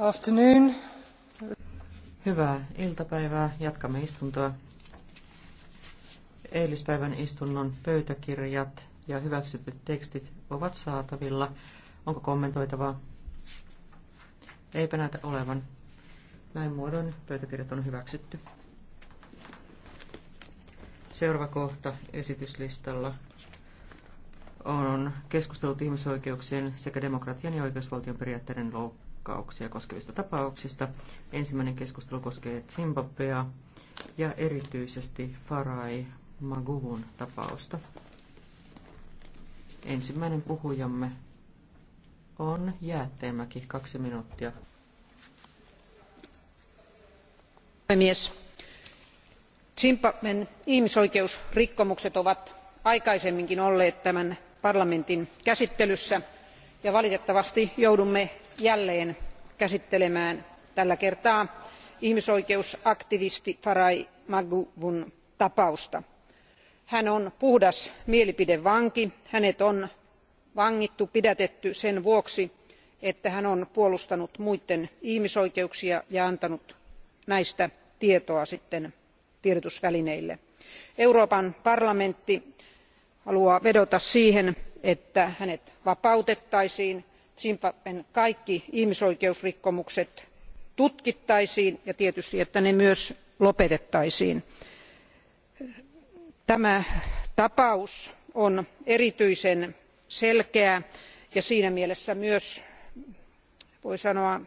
Afternoon. Hyvää iltapäivää. Jatkamme istuntoa. Eilispäivän istunnon pöytäkirjat ja hyväksytyt tekstit ovat saatavilla. Onko kommentoitavaa? Eipä näytä olevan. Näin muodoin pöytäkirjat on hyväksytty. Seuraava kohta esityslistalla on keskustelut ihmisoikeuksien sekä demokratian ja oikeusvaltion periaatteiden loukkaamisesta pakkauksia koskevista tapauksista. Ensimmäinen keskustelu koskee Zimbabwea ja erityisesti Farai Maguvun tapausta. Ensimmäinen puhujamme on Jäätteenmäki, kaksi minuuttia. Puhemies, Zimbabwen ihmisoikeusrikkomukset ovat aikaisemminkin olleet tämän parlamentin käsittelyssä – ja valitettavasti joudumme jälleen käsittelemään tällä kertaa ihmisoikeusaktivisti farai maguwun tapausta. hän on puhdas mielipidevanki. hänet on vangittu pidätetty sen vuoksi että hän on puolustanut muiden ihmisoikeuksia ja antanut näistä tietoa sitten tiedotusvälineille. euroopan parlamentti haluaa vedota siihen että hänet vapautettaisiin zimbabwen kaikki ihmisoikeusrikkomukset tutkittaisiin ja tietysti että ne myös lopetettaisiin. tämä tapaus on erityisen selkeä ja siinä mielessä myös voi sanoa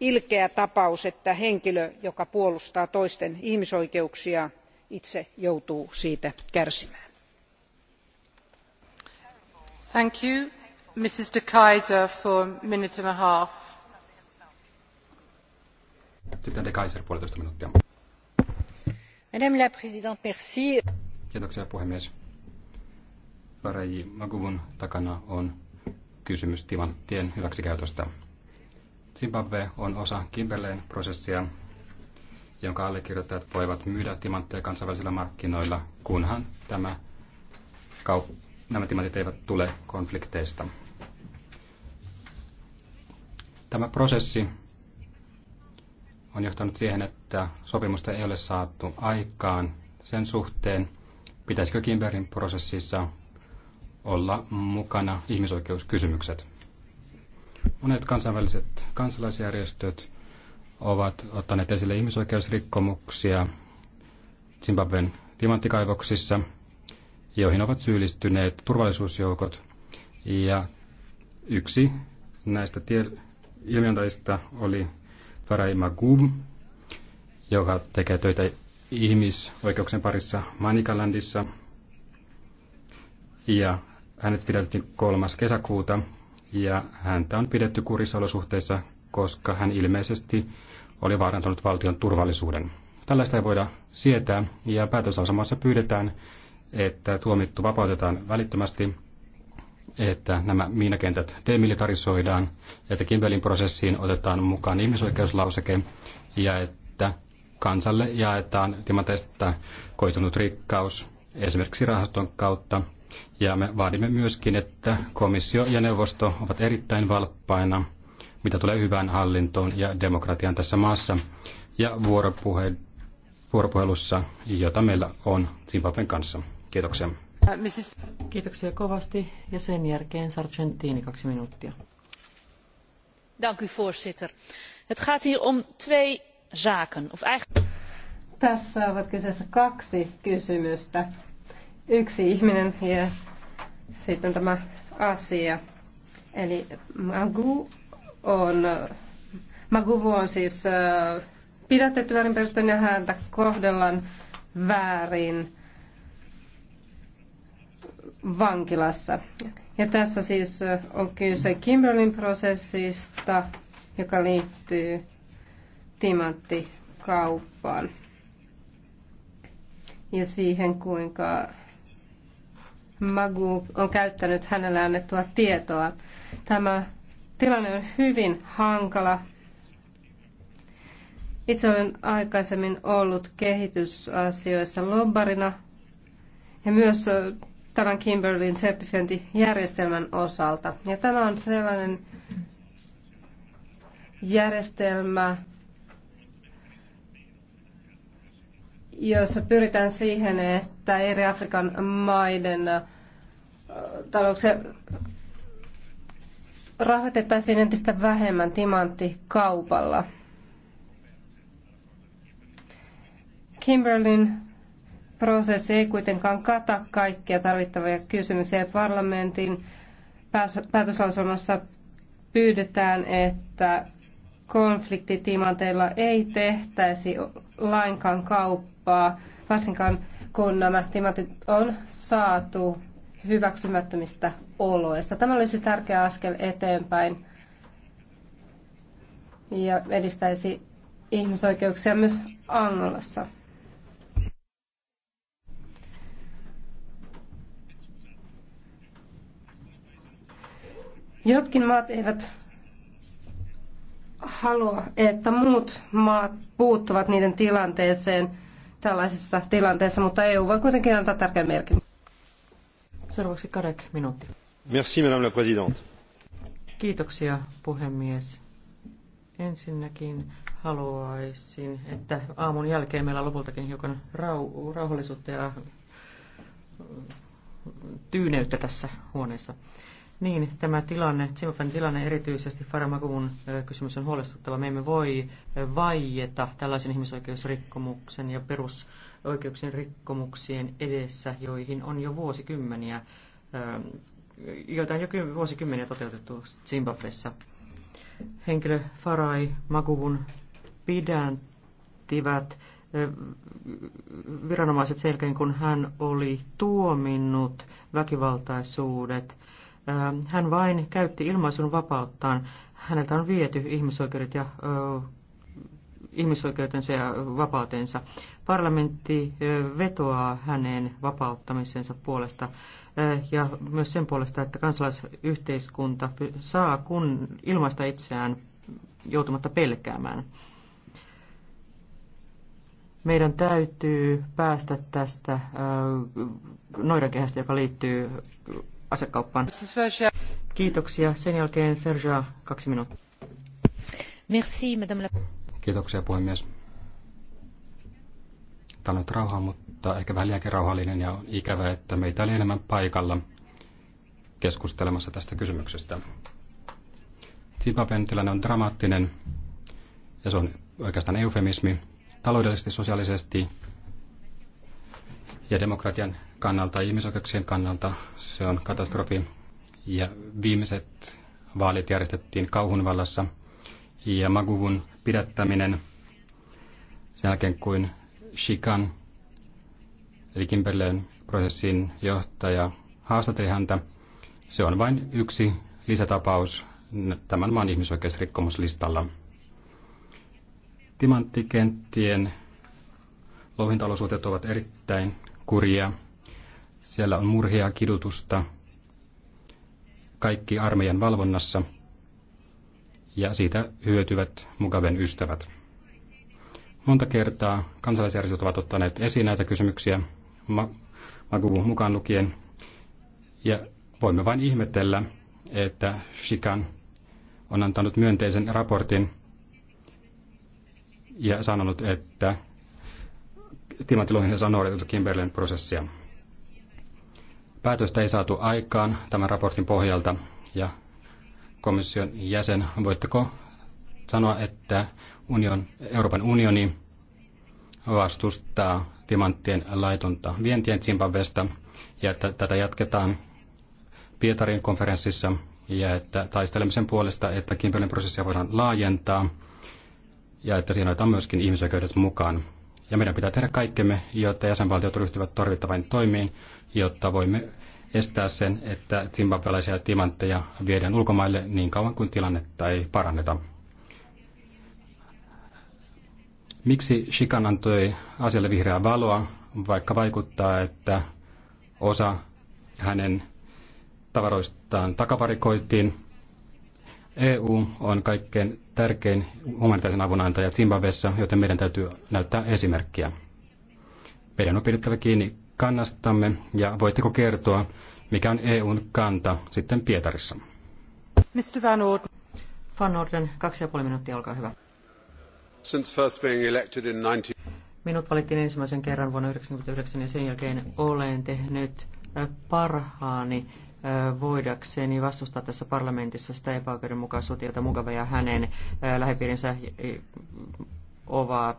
ilkeä tapaus että henkilö joka puolustaa toisten ihmisoikeuksia itse joutuu siitä kärsimään. De De Madame la Présidente, merci. Kiitoksia puhemies. takana on kysymys timanttien hyväksikäytöstä. Zimbabwe on osa Kimberleyn prosessia, jonka allekirjoittajat voivat myydä timantteja kansainvälisillä markkinoilla, kunhan tämä kauppa nämä timantit eivät tule konflikteista. Tämä prosessi on johtanut siihen, että sopimusta ei ole saatu aikaan sen suhteen, pitäisikö Kimberin prosessissa olla mukana ihmisoikeuskysymykset. Monet kansainväliset kansalaisjärjestöt ovat ottaneet esille ihmisoikeusrikkomuksia Zimbabwen timanttikaivoksissa – joihin ovat syyllistyneet turvallisuusjoukot. Ja yksi näistä tie- ilmiöntäjistä oli Farai Magub, joka tekee töitä ihmisoikeuksien parissa Manikalandissa. Ja hänet pidettiin 3. kesäkuuta ja häntä on pidetty kurissa olosuhteissa, koska hän ilmeisesti oli vaarantanut valtion turvallisuuden. Tällaista ei voida sietää ja päätösasemassa pyydetään, että tuomittu vapautetaan välittömästi, että nämä miinakentät demilitarisoidaan, että Kimbelin prosessiin otetaan mukaan ihmisoikeuslauseke ja että kansalle jaetaan timanteista koitunut rikkaus esimerkiksi rahaston kautta. Ja me vaadimme myöskin, että komissio ja neuvosto ovat erittäin valppaina, mitä tulee hyvään hallintoon ja demokratian tässä maassa ja vuoropuhe, vuoropuhelussa, jota meillä on Zimbabwen kanssa. Kiitoksia. Kiitoksia kovasti. Ja sen jälkeen Sargentini kaksi minuuttia. Dank u voorzitter. Het gaat hier om twee zaken. Of eigenlijk... Tässä ovat kyseessä kaksi kysymystä. Yksi ihminen ja sitten tämä asia. Eli Magu on, magu on siis äh, pidätetty väärin perustein ja häntä kohdellaan väärin vankilassa. Ja tässä siis on kyse Kimberlin prosessista, joka liittyy timanttikauppaan ja siihen, kuinka Magu on käyttänyt hänelle annettua tietoa. Tämä tilanne on hyvin hankala. Itse olen aikaisemmin ollut kehitysasioissa lobbarina ja myös tämän Kimberlin sertifiointijärjestelmän osalta. Ja tämä on sellainen järjestelmä, jossa pyritään siihen, että eri Afrikan maiden talouksia rahoitettaisiin entistä vähemmän timanttikaupalla. Kimberlin prosessi ei kuitenkaan kata kaikkia tarvittavia kysymyksiä. Parlamentin päätöslauselmassa pyydetään, että konfliktitimanteilla ei tehtäisi lainkaan kauppaa, varsinkaan kun nämä timantit on saatu hyväksymättömistä oloista. Tämä olisi tärkeä askel eteenpäin ja edistäisi ihmisoikeuksia myös Angolassa. Jotkin maat eivät halua, että muut maat puuttuvat niiden tilanteeseen tällaisessa tilanteessa, mutta EU voi kuitenkin antaa tärkeän merkin. Seuraavaksi Karek, minuutti. Merci, madame la présidente. Kiitoksia, puhemies. Ensinnäkin haluaisin, että aamun jälkeen meillä on lopultakin hiukan rau- rauhallisuutta ja tyyneyttä tässä huoneessa. Niin, tämä tilanne, Tsimofen tilanne erityisesti farmakuvun kysymys on huolestuttava. Me emme voi vaieta tällaisen ihmisoikeusrikkomuksen ja perusoikeuksien rikkomuksien edessä, joihin on jo vuosikymmeniä, joita on jo vuosikymmeniä toteutettu Zimbabwessa. Henkilö Farai Maguvun pidäntivät viranomaiset selkeän, kun hän oli tuominnut väkivaltaisuudet – Ähm, hän vain käytti ilmaisun vapauttaan. Häneltä on viety ihmisoikeudet ja ihmisoikeutensa ja vapautensa. Parlamentti vetoaa hänen vapauttamisensa puolesta ja myös sen puolesta, että kansalaisyhteiskunta saa kun ilmaista itseään joutumatta pelkäämään. Meidän täytyy päästä tästä noidankehästä, joka liittyy asekauppaan. Kiitoksia. Sen jälkeen Ferja, kaksi minuuttia. Merci, madame la... Kiitoksia, puhemies. Tämä on nyt rauha, mutta ehkä vähän liiankin rauhallinen ja on ikävä, että meitä oli enemmän paikalla keskustelemassa tästä kysymyksestä. Zimbabwen tilanne on dramaattinen ja se on oikeastaan eufemismi. Taloudellisesti, sosiaalisesti ja demokratian kannalta ja ihmisoikeuksien kannalta se on katastrofi. Ja viimeiset vaalit järjestettiin kauhun vallassa ja Maguvun pidättäminen sen jälkeen kuin Shikan eli Kimberleyn prosessin johtaja haastatteli häntä. Se on vain yksi lisätapaus tämän maan ihmisoikeusrikkomuslistalla. Timanttikenttien lohintalosuhteet ovat erittäin kuria. Siellä on murhia, kidutusta, kaikki armeijan valvonnassa ja siitä hyötyvät Mugaben ystävät. Monta kertaa kansalaisjärjestöt ovat ottaneet esiin näitä kysymyksiä Maguvun mukaan lukien ja voimme vain ihmetellä, että Shikan on antanut myönteisen raportin ja sanonut, että tilantiloihin, ja on että Kimberlin prosessia. Päätöstä ei saatu aikaan tämän raportin pohjalta ja komission jäsen, voitteko sanoa, että union, Euroopan unioni vastustaa timanttien laitonta vientien Zimbabwesta ja että tätä jatketaan Pietarin konferenssissa ja että taistelemisen puolesta, että Kimberlin prosessia voidaan laajentaa ja että siinä otetaan myöskin ihmisoikeudet mukaan. Ja meidän pitää tehdä kaikkemme, jotta jäsenvaltiot ryhtyvät tarvittavain toimiin, jotta voimme estää sen, että zimbabwelaisia timantteja viedään ulkomaille niin kauan kuin tilannetta ei paranneta. Miksi Shikan antoi asialle vihreää valoa, vaikka vaikuttaa, että osa hänen tavaroistaan takavarikoitiin EU on kaikkein tärkein humanitaarisen avun antaja Zimbabwessa, joten meidän täytyy näyttää esimerkkiä. Meidän on pidettävä kiinni kannastamme ja voitteko kertoa, mikä on EUn kanta sitten Pietarissa? Mr. Van Orden. Van Orden, kaksi ja puoli minuuttia, olkaa hyvä. Since first being elected in 19... Minut valittiin ensimmäisen kerran vuonna 1999 ja sen jälkeen olen tehnyt äh, parhaani voidakseen vastustaa tässä parlamentissa sitä epäoikeudenmukaisuutta, jota Mugabe ja hänen lähipiirinsä ovat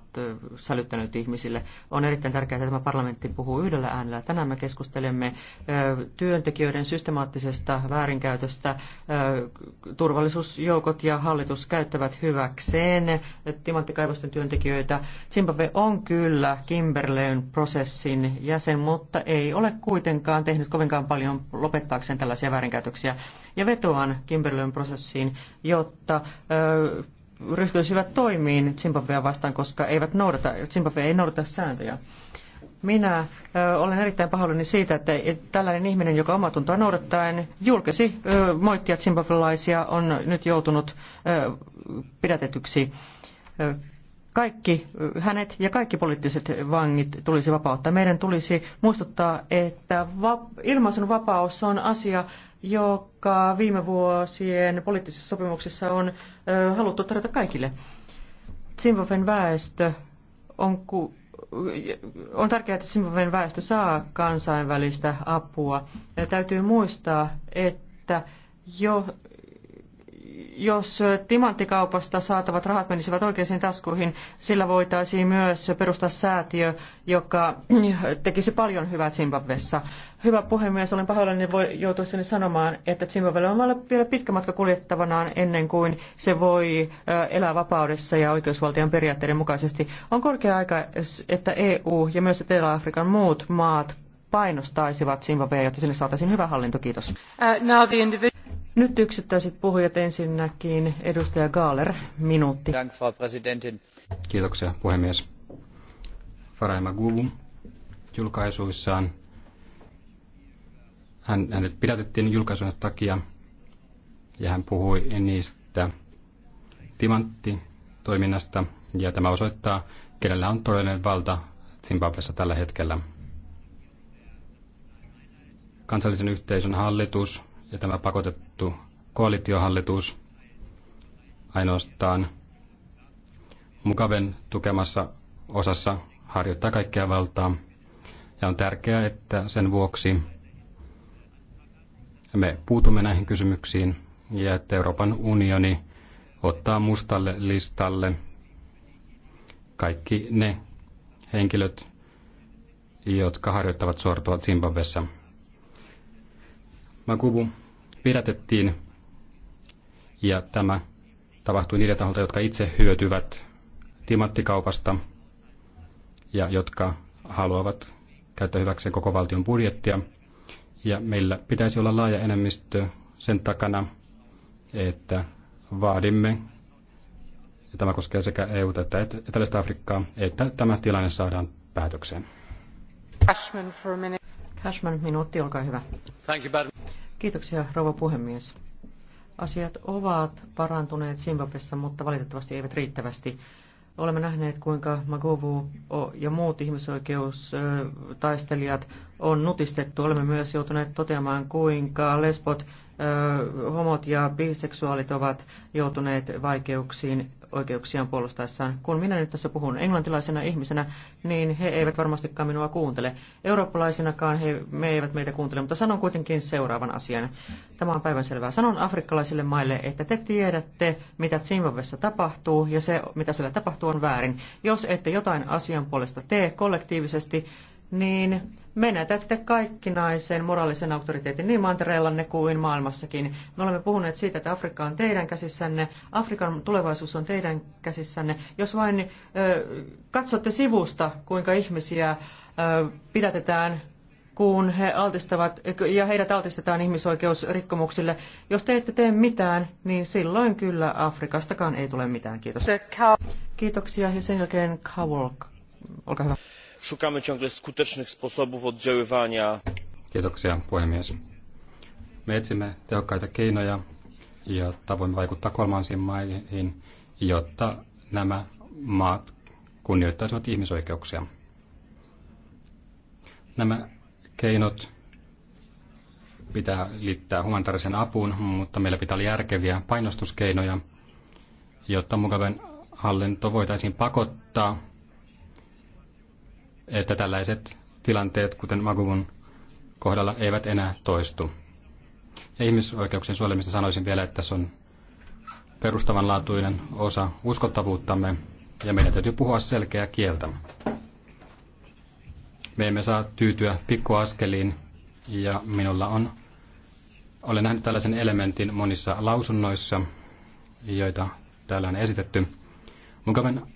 sälyttäneet ihmisille. On erittäin tärkeää, että tämä parlamentti puhuu yhdellä äänellä. Tänään me keskustelemme työntekijöiden systemaattisesta väärinkäytöstä. Turvallisuusjoukot ja hallitus käyttävät hyväkseen timanttikaivosten työntekijöitä. Zimbabwe on kyllä Kimberleyn prosessin jäsen, mutta ei ole kuitenkaan tehnyt kovinkaan paljon lopettaakseen tällaisia väärinkäytöksiä. Ja vetoan Kimberleyn prosessiin, jotta ryhtyisivät toimiin Zimbabwea vastaan, koska eivät noudata, Zimbabwe ei noudata sääntöjä. Minä ö, olen erittäin pahoillani siitä, että e, tällainen ihminen, joka omatuntoa noudattaen julkesi ö, moittia zimbabwelaisia, on nyt joutunut ö, pidätetyksi. Ö, kaikki hänet ja kaikki poliittiset vangit tulisi vapauttaa. Meidän tulisi muistuttaa, että va- ilmaisun vapaus on asia, joka viime vuosien poliittisissa sopimuksissa on haluttu tarjota kaikille. Zimbabwen väestö on, ku- on tärkeää, että Zimbabwen väestö saa kansainvälistä apua. Ja täytyy muistaa, että jo jos timanttikaupasta saatavat rahat menisivät oikeisiin taskuihin, sillä voitaisiin myös perustaa säätiö, joka tekisi paljon hyvää Zimbabwessa. Hyvä puhemies, olen pahoillani niin voi joutuessani sanomaan, että Zimbabwella on vielä pitkä matka kuljettavanaan ennen kuin se voi elää vapaudessa ja oikeusvaltion periaatteiden mukaisesti. On korkea aika, että EU ja myös Etelä-Afrikan muut maat painostaisivat Zimbabwea, jotta sinne saataisiin hyvä hallinto. Kiitos. Uh, nyt yksittäiset puhujat ensinnäkin. Edustaja Gaaler, minuutti. Kiitoksia, puhemies. Faraima Gubu julkaisuissaan. Hän, hänet pidätettiin julkaisujen takia ja hän puhui niistä timanttitoiminnasta ja tämä osoittaa, kenellä on todellinen valta Zimbabwessa tällä hetkellä. Kansallisen yhteisön hallitus ja tämä pakotettu koalitiohallitus ainoastaan Mukaven tukemassa osassa harjoittaa kaikkea valtaa. Ja on tärkeää, että sen vuoksi me puutumme näihin kysymyksiin ja että Euroopan unioni ottaa mustalle listalle kaikki ne henkilöt, jotka harjoittavat sortoa Zimbabwessa. Magubu pidätettiin ja tämä tapahtui niiden taholta, jotka itse hyötyvät timattikaupasta ja jotka haluavat käyttää hyväkseen koko valtion budjettia. Ja meillä pitäisi olla laaja enemmistö sen takana, että vaadimme, ja tämä koskee sekä EU- että Etelästä Afrikkaa, että tämä tilanne saadaan päätökseen. Cashman, minuutti, olkaa hyvä. Kiitoksia, rouva puhemies. Asiat ovat parantuneet Zimbabwessa, mutta valitettavasti eivät riittävästi. Olemme nähneet, kuinka Maguvu ja muut ihmisoikeustaistelijat on nutistettu. Olemme myös joutuneet toteamaan, kuinka Lesbot homot ja biseksuaalit ovat joutuneet vaikeuksiin oikeuksiaan puolustaessaan. Kun minä nyt tässä puhun englantilaisena ihmisenä, niin he eivät varmastikaan minua kuuntele. Eurooppalaisinakaan he, me eivät meitä kuuntele, mutta sanon kuitenkin seuraavan asian. Tämä on päivänselvää. Sanon afrikkalaisille maille, että te tiedätte, mitä Zimbabwessa tapahtuu, ja se, mitä siellä tapahtuu, on väärin. Jos ette jotain asian puolesta tee kollektiivisesti, niin menetätte naisen moraalisen auktoriteetin niin mantereellanne kuin maailmassakin. Me olemme puhuneet siitä, että Afrikka on teidän käsissänne, Afrikan tulevaisuus on teidän käsissänne. Jos vain ö, katsotte sivusta, kuinka ihmisiä ö, pidätetään kun he altistavat, ja heidät altistetaan ihmisoikeusrikkomuksille. Jos te ette tee mitään, niin silloin kyllä Afrikastakaan ei tule mitään. Kiitos. Kiitoksia ja sen jälkeen Kowalk. Olkaa hyvä. Szukamy ciągle skutecznych sposobów oddziaływania. Kiitoksia puhemies. Me etsimme tehokkaita keinoja, jotta voimme vaikuttaa kolmansiin maihin, jotta nämä maat kunnioittaisivat ihmisoikeuksia. Nämä keinot pitää liittää humanitaarisen apuun, mutta meillä pitää olla järkeviä painostuskeinoja, jotta Mugaben hallinto voitaisiin pakottaa että tällaiset tilanteet, kuten Maguvun kohdalla, eivät enää toistu. Ja ihmisoikeuksien suojelemista sanoisin vielä, että se on perustavanlaatuinen osa uskottavuuttamme ja meidän täytyy puhua selkeää kieltä. Me emme saa tyytyä pikkuaskeliin ja minulla on, olen nähnyt tällaisen elementin monissa lausunnoissa, joita täällä on esitetty. Mukavan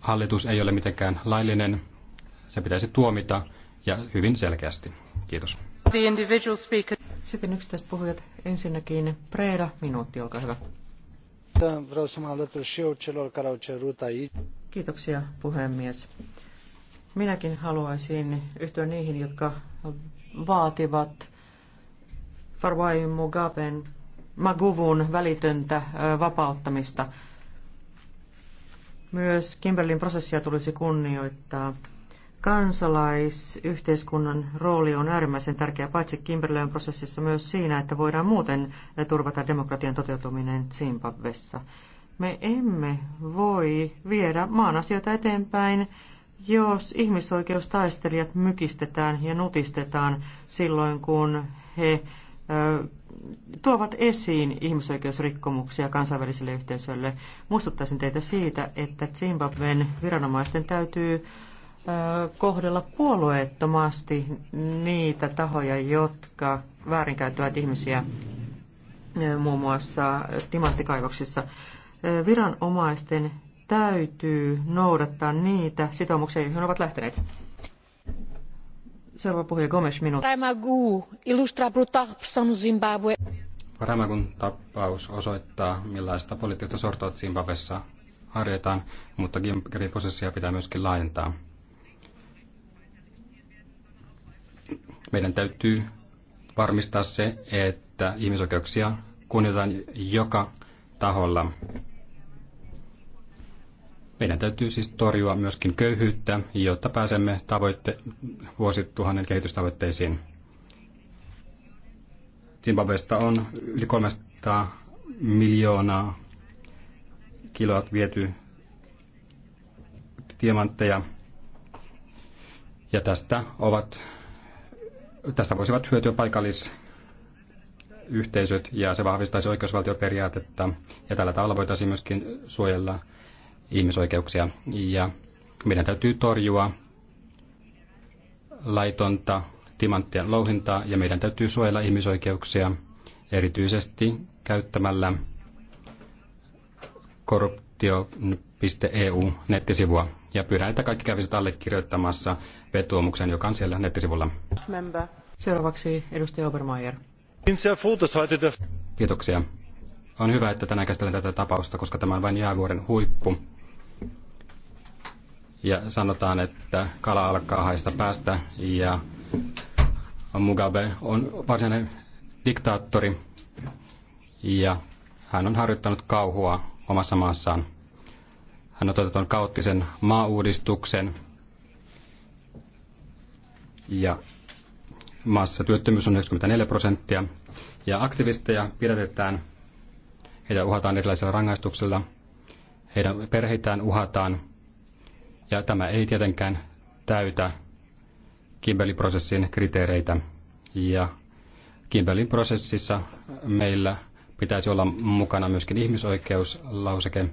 hallitus ei ole mitenkään laillinen se pitäisi tuomita ja hyvin selkeästi. Kiitos. The individual speaker. Sitten yksittäiset puhujat. Ensinnäkin Preda, minuutti, olkaa hyvä. Kiitoksia puhemies. Minäkin haluaisin yhtyä niihin, jotka vaativat Farwai Mugaben Maguvun välitöntä vapauttamista. Myös Kimberlin prosessia tulisi kunnioittaa. Kansalaisyhteiskunnan rooli on äärimmäisen tärkeä paitsi Kimberleyn prosessissa myös siinä, että voidaan muuten turvata demokratian toteutuminen Zimbabwessa. Me emme voi viedä maan asioita eteenpäin, jos ihmisoikeustaistelijat mykistetään ja nutistetaan silloin, kun he tuovat esiin ihmisoikeusrikkomuksia kansainväliselle yhteisölle. Muistuttaisin teitä siitä, että Zimbabwen viranomaisten täytyy kohdella puolueettomasti niitä tahoja, jotka väärinkäyttävät ihmisiä muun muassa timanttikaivoksissa. Viranomaisten täytyy noudattaa niitä sitoumuksia, joihin ovat lähteneet. Seuraava puhuja Gomes minuutti. Paramagun illustra brutal Zimbabwe. tapaus osoittaa, millaista poliittista sortoa Zimbabwessa harjoitetaan, mutta Gimkerin prosessia pitää myöskin laajentaa. Meidän täytyy varmistaa se, että ihmisoikeuksia kunnioitetaan joka taholla. Meidän täytyy siis torjua myöskin köyhyyttä, jotta pääsemme tavoitte- vuosituhannen kehitystavoitteisiin. Zimbabwesta on yli 300 miljoonaa kiloa viety diamantteja. Ja tästä ovat tästä voisivat hyötyä paikallisyhteisöt ja se vahvistaisi oikeusvaltioperiaatetta ja tällä tavalla voitaisiin myöskin suojella ihmisoikeuksia. Ja meidän täytyy torjua laitonta timanttien louhintaa ja meidän täytyy suojella ihmisoikeuksia erityisesti käyttämällä korruptio.eu nettisivua. Ja pyydän, että kaikki kävisivät allekirjoittamassa vetoomuksen, joka on siellä nettisivulla. Member. Seuraavaksi edustaja Obermeier. Kiitoksia. On hyvä, että tänään käsitellään tätä tapausta, koska tämä on vain jäävuoren huippu. Ja sanotaan, että kala alkaa haista päästä ja Mugabe on varsinainen diktaattori ja hän on harjoittanut kauhua omassa maassaan. Hän on toteuttanut kaoottisen maauudistuksen ja Maassa työttömyys on 94 prosenttia ja aktivisteja pidätetään, heitä uhataan erilaisilla rangaistuksilla, heidän perheitään uhataan ja tämä ei tietenkään täytä Kimberley-prosessin kriteereitä. Ja Kimberlin prosessissa meillä pitäisi olla mukana myöskin ihmisoikeuslauseke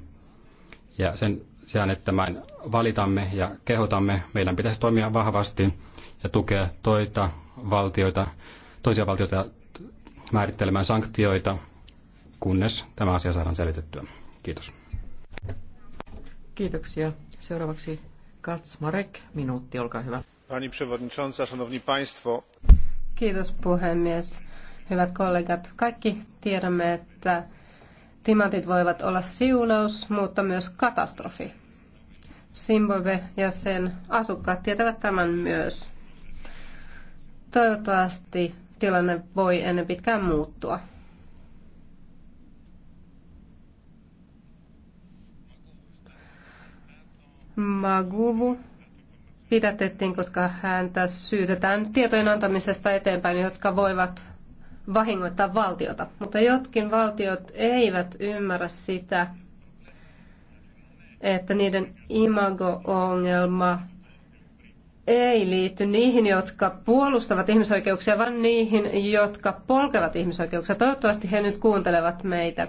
ja sen sijaan, että vain valitamme ja kehotamme, meidän pitäisi toimia vahvasti ja tukea toita valtioita, toisia valtioita määrittelemään sanktioita, kunnes tämä asia saadaan selitettyä. Kiitos. Kiitoksia. Seuraavaksi Katsmarek, minuutti, olkaa hyvä. Pani przewodnicząca, szanowni państwo. Kiitos puhemies. Hyvät kollegat, kaikki tiedämme, että Timantit voivat olla siunaus, mutta myös katastrofi. Simbove ja sen asukkaat tietävät tämän myös. Toivottavasti tilanne voi ennen pitkään muuttua. Maguvu pidätettiin, koska häntä syytetään tietojen antamisesta eteenpäin, jotka voivat vahingoittaa valtiota. Mutta jotkin valtiot eivät ymmärrä sitä, että niiden imago-ongelma ei liity niihin, jotka puolustavat ihmisoikeuksia, vaan niihin, jotka polkevat ihmisoikeuksia. Toivottavasti he nyt kuuntelevat meitä.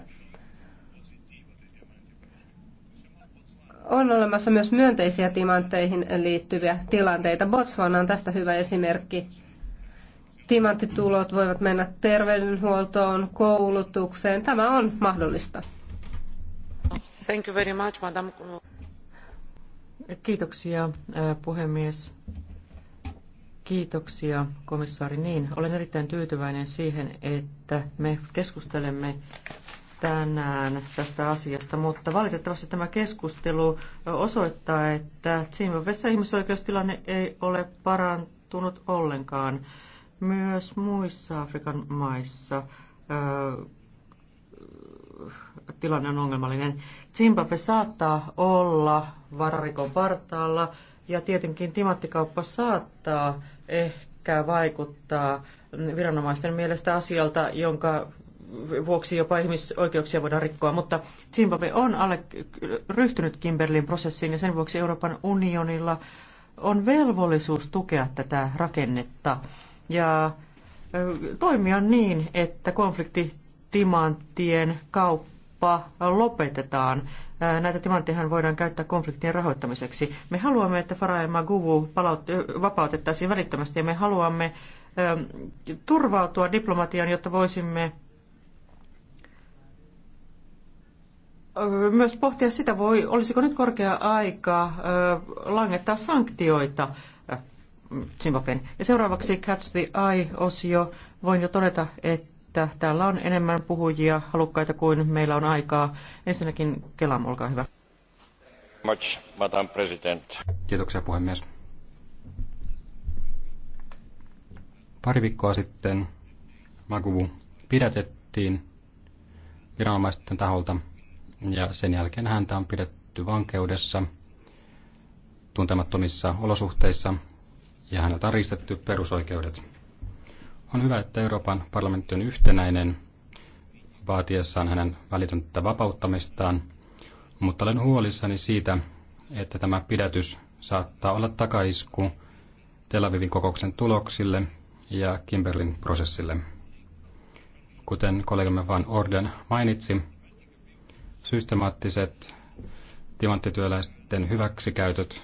On olemassa myös myönteisiä timanteihin liittyviä tilanteita. Botswana on tästä hyvä esimerkki timanttitulot voivat mennä terveydenhuoltoon, koulutukseen. Tämä on mahdollista. Thank you very much, madam. Kiitoksia, puhemies. Kiitoksia, komissaari. Niin, olen erittäin tyytyväinen siihen, että me keskustelemme tänään tästä asiasta, mutta valitettavasti tämä keskustelu osoittaa, että Zimbabwessa ihmisoikeustilanne ei ole parantunut ollenkaan. Myös muissa Afrikan maissa tilanne on ongelmallinen. Zimbabwe saattaa olla vararikon partaalla ja tietenkin timattikauppa saattaa ehkä vaikuttaa viranomaisten mielestä asialta, jonka vuoksi jopa ihmisoikeuksia voidaan rikkoa, mutta Zimbabwe on alle, ryhtynyt Kimberlin prosessiin ja sen vuoksi Euroopan unionilla on velvollisuus tukea tätä rakennetta ja toimia niin, että konfliktitimanttien kauppa lopetetaan. Näitä timanttejahan voidaan käyttää konfliktien rahoittamiseksi. Me haluamme, että Farah ja Maguvu vapautettaisiin välittömästi ja me haluamme turvautua diplomatiaan, jotta voisimme myös pohtia sitä, voi, olisiko nyt korkea aika langettaa sanktioita Zimbabwen. Ja seuraavaksi Catch the Eye-osio. Voin jo todeta, että täällä on enemmän puhujia halukkaita kuin meillä on aikaa. Ensinnäkin Kelam, olkaa hyvä. Much, Madam President. Kiitoksia puhemies. Pari viikkoa sitten Maguvu pidätettiin viranomaisten taholta ja sen jälkeen häntä on pidetty vankeudessa tuntemattomissa olosuhteissa ja häneltä on perusoikeudet. On hyvä, että Euroopan parlamentti on yhtenäinen vaatiessaan hänen välitöntä vapauttamistaan, mutta olen huolissani siitä, että tämä pidätys saattaa olla takaisku Tel Avivin kokouksen tuloksille ja Kimberlin prosessille. Kuten kollegamme Van Orden mainitsi, systemaattiset timanttityöläisten hyväksikäytöt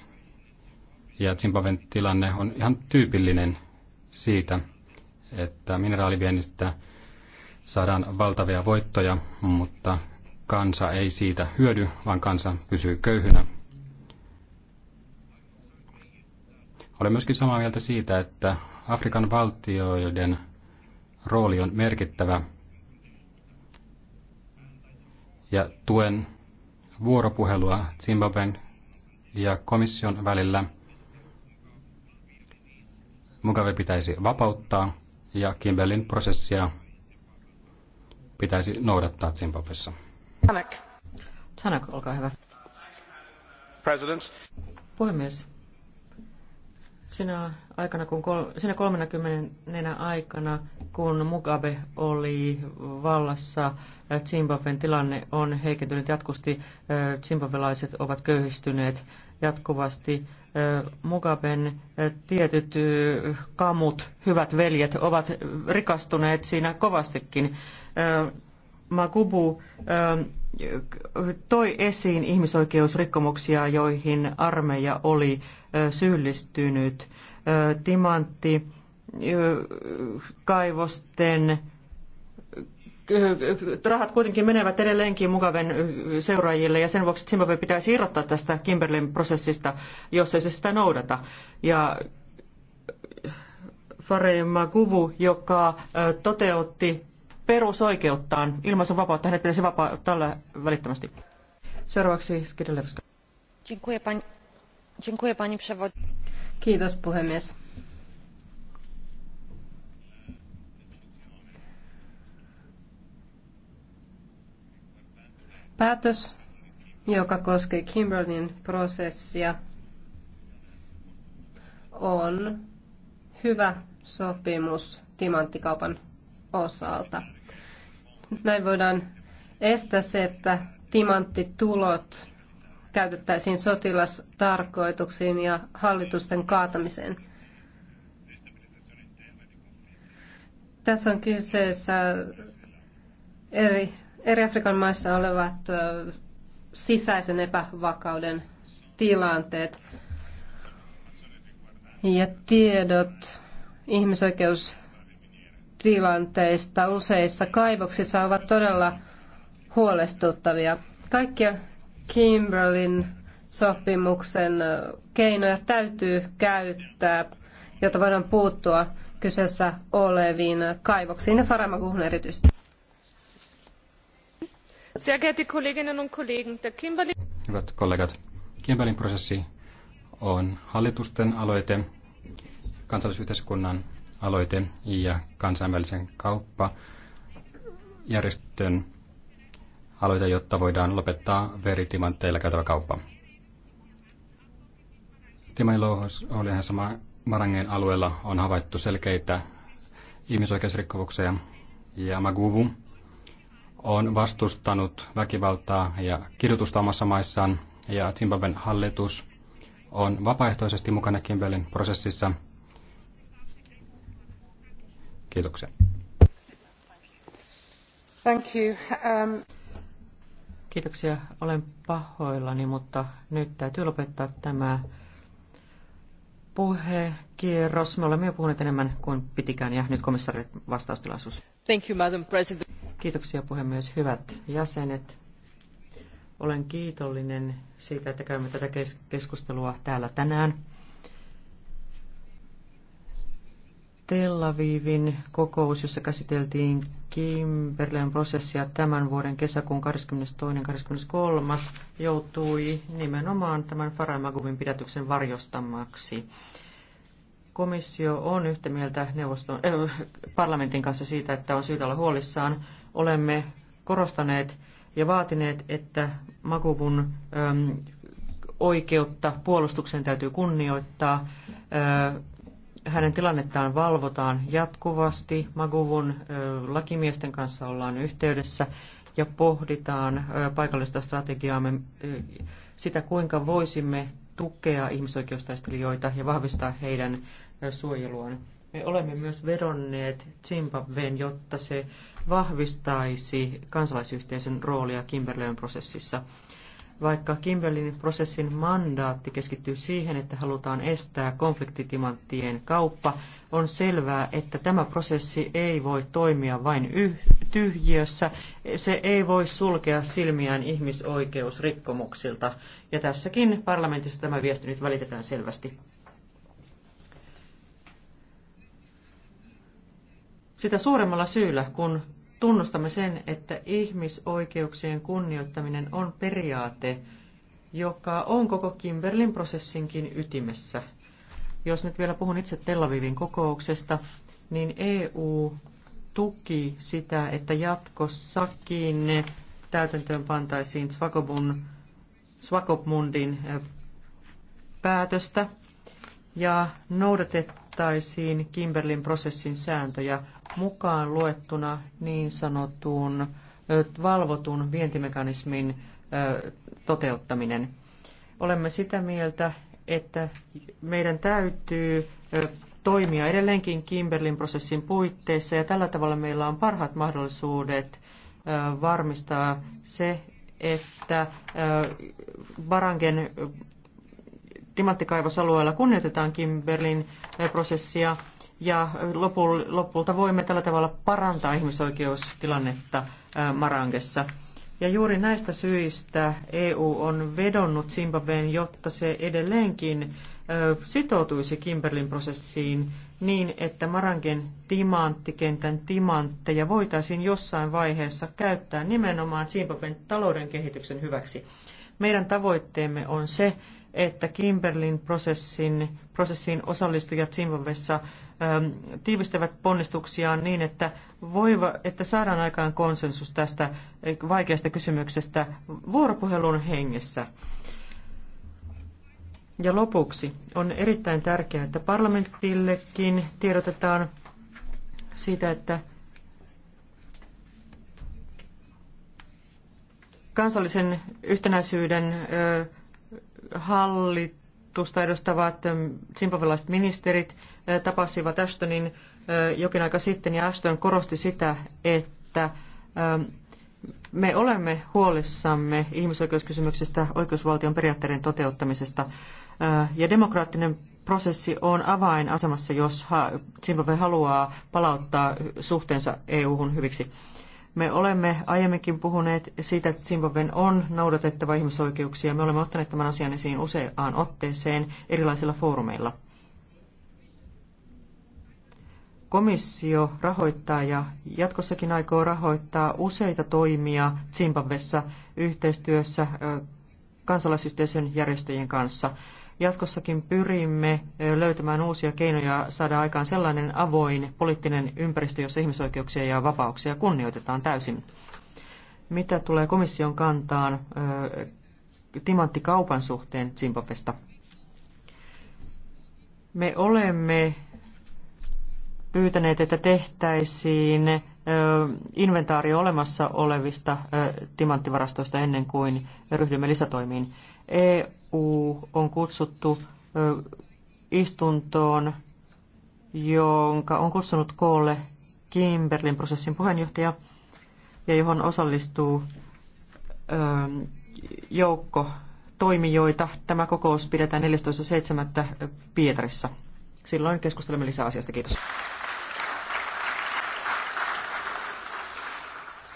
ja Zimbabwen tilanne on ihan tyypillinen siitä, että mineraaliviennistä saadaan valtavia voittoja, mutta kansa ei siitä hyödy, vaan kansa pysyy köyhynä. Olen myöskin samaa mieltä siitä, että Afrikan valtioiden rooli on merkittävä ja tuen vuoropuhelua Zimbabwen ja komission välillä – Mugabe pitäisi vapauttaa ja Kimberlin prosessia pitäisi noudattaa Zimbabwessa. Tanak. Tanak, olkaa hyvä. President. Puhemies. Sinä, aikana, kun kol, sinä 30 aikana, kun Mugabe oli vallassa, äh, Zimbabwen tilanne on heikentynyt jatkuvasti. Äh, Zimbabwelaiset ovat köyhistyneet jatkuvasti Mugaben tietyt kamut, hyvät veljet, ovat rikastuneet siinä kovastikin. Magubu toi esiin ihmisoikeusrikkomuksia, joihin armeija oli syyllistynyt. Timantti kaivosten rahat kuitenkin menevät edelleenkin mukaven seuraajille ja sen vuoksi Zimbabwe pitäisi irrottaa tästä Kimberlin prosessista, jos ei se sitä noudata. Ja eh, Fare Maguvu, joka eh, toteutti perusoikeuttaan, ilmaisun vapautta, hänet pitäisi vapauttaa välittömästi. Seuraavaksi Skidelevska. Kiitos puhemies. Päätös, joka koskee Kimberlin prosessia, on hyvä sopimus timanttikaupan osalta. Näin voidaan estää se, että timanttitulot käytettäisiin sotilastarkoituksiin ja hallitusten kaatamiseen. Tässä on kyseessä eri eri Afrikan maissa olevat sisäisen epävakauden tilanteet ja tiedot ihmisoikeustilanteista useissa kaivoksissa ovat todella huolestuttavia. Kaikkia Kimberlin sopimuksen keinoja täytyy käyttää, jotta voidaan puuttua kyseessä oleviin kaivoksiin ja Faramaguhun erityisesti. Hyvät kollegat, Kimberlin prosessi on hallitusten aloite, kansallisyhteiskunnan aloite ja kansainvälisen kauppajärjestön aloite, jotta voidaan lopettaa veritimanteilla käytävä kauppa. Timanlouhos oli sama Marangeen alueella on havaittu selkeitä ihmisoikeusrikkovuksia ja Maguvu, on vastustanut väkivaltaa ja kidutusta omassa maissaan, ja Zimbabwen hallitus on vapaaehtoisesti mukana Kimberlin prosessissa. Kiitoksia. Thank you. Um... Kiitoksia. Olen pahoillani, mutta nyt täytyy lopettaa tämä puhekierros. Me olemme jo puhuneet enemmän kuin pitikään ja nyt komissaarille vastaustilaisuus. Thank you, Madam President. Kiitoksia puhemies. Hyvät jäsenet, olen kiitollinen siitä, että käymme tätä keskustelua täällä tänään. Tel Avivin kokous, jossa käsiteltiin Kimberleyn prosessia tämän vuoden kesäkuun 22.–23. joutui nimenomaan tämän Farah Magubin pidätyksen varjostamaksi. Komissio on yhtä mieltä neuvoston, äh, parlamentin kanssa siitä, että on syytä olla huolissaan. Olemme korostaneet ja vaatineet, että Makuvun ähm, oikeutta puolustukseen täytyy kunnioittaa. Äh, hänen tilannettaan valvotaan jatkuvasti. Maguvun äh, lakimiesten kanssa ollaan yhteydessä ja pohditaan äh, paikallista strategiaamme, äh, sitä kuinka voisimme tukea ihmisoikeustaistelijoita ja vahvistaa heidän suojeluaan. Me olemme myös vedonneet Zimbabween, jotta se vahvistaisi kansalaisyhteisön roolia Kimberleyn prosessissa. Vaikka Kimberlin prosessin mandaatti keskittyy siihen, että halutaan estää konfliktitimanttien kauppa, on selvää, että tämä prosessi ei voi toimia vain yh- tyhjiössä. Se ei voi sulkea silmiään ihmisoikeusrikkomuksilta. Ja tässäkin parlamentissa tämä viesti nyt välitetään selvästi. sitä suuremmalla syyllä, kun tunnustamme sen, että ihmisoikeuksien kunnioittaminen on periaate, joka on koko Kimberlin prosessinkin ytimessä. Jos nyt vielä puhun itse Tel Avivin kokouksesta, niin EU tuki sitä, että jatkossakin täytäntöön pantaisiin Svakobun, Svakopmundin päätöstä ja noudatettaisiin Kimberlin prosessin sääntöjä mukaan luettuna niin sanotun valvotun vientimekanismin toteuttaminen. Olemme sitä mieltä, että meidän täytyy toimia edelleenkin Kimberlin prosessin puitteissa ja tällä tavalla meillä on parhaat mahdollisuudet varmistaa se, että Barangen timanttikaivosalueella kunnioitetaan Kimberlin eh, prosessia ja lopulta voimme tällä tavalla parantaa ihmisoikeustilannetta eh, Marangessa. Ja juuri näistä syistä EU on vedonnut Zimbabween, jotta se edelleenkin eh, sitoutuisi Kimberlin prosessiin niin, että Marangen timanttikentän timantteja voitaisiin jossain vaiheessa käyttää nimenomaan Zimbabwen talouden kehityksen hyväksi. Meidän tavoitteemme on se, että Kimberlin prosessin, prosessiin osallistujat Zimbabwessa ähm, tiivistävät ponnistuksiaan niin, että, voiva, että saadaan aikaan konsensus tästä äh, vaikeasta kysymyksestä vuoropuhelun hengessä. Ja lopuksi on erittäin tärkeää, että parlamentillekin tiedotetaan siitä, että kansallisen yhtenäisyyden äh, hallitusta edustavat simbavelaiset ähm, ministerit äh, tapasivat Ashtonin äh, jokin aika sitten ja Ashton korosti sitä, että ähm, me olemme huolissamme ihmisoikeuskysymyksistä, oikeusvaltion periaatteiden toteuttamisesta äh, ja demokraattinen prosessi on avainasemassa, jos Zimbabwe haluaa palauttaa suhteensa EU-hun hyviksi. Me olemme aiemminkin puhuneet siitä, että Zimbabwen on noudatettava ihmisoikeuksia. Me olemme ottaneet tämän asian esiin useaan otteeseen erilaisilla foorumeilla. Komissio rahoittaa ja jatkossakin aikoo rahoittaa useita toimia Zimbabwessa yhteistyössä kansalaisyhteisön järjestöjen kanssa. Jatkossakin pyrimme löytämään uusia keinoja saada aikaan sellainen avoin poliittinen ympäristö, jossa ihmisoikeuksia ja vapauksia kunnioitetaan täysin. Mitä tulee komission kantaan timanttikaupan suhteen Zimbabwesta? Me olemme pyytäneet, että tehtäisiin inventaario olemassa olevista timanttivarastoista ennen kuin ryhdymme lisätoimiin. EU on kutsuttu istuntoon, jonka on kutsunut koolle Kimberlin prosessin puheenjohtaja ja johon osallistuu joukko toimijoita. Tämä kokous pidetään 14.7. Pietarissa. Silloin keskustelemme lisää asiasta. Kiitos.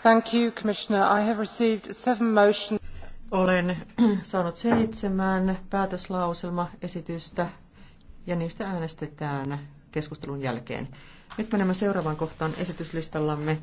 Thank you, Commissioner. I have received seven motions. Olen saanut seitsemän päätöslauselmaesitystä ja niistä äänestetään keskustelun jälkeen. Nyt menemme seuraavaan kohtaan esityslistallamme.